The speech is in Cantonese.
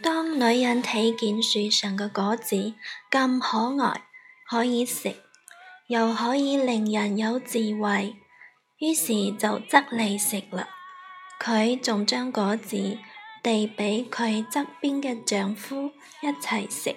當女人睇見樹上嘅果子咁可愛，可以食，又可以令人有智慧，於是就執嚟食啦。佢仲將果子遞畀佢側邊嘅丈夫一齊食。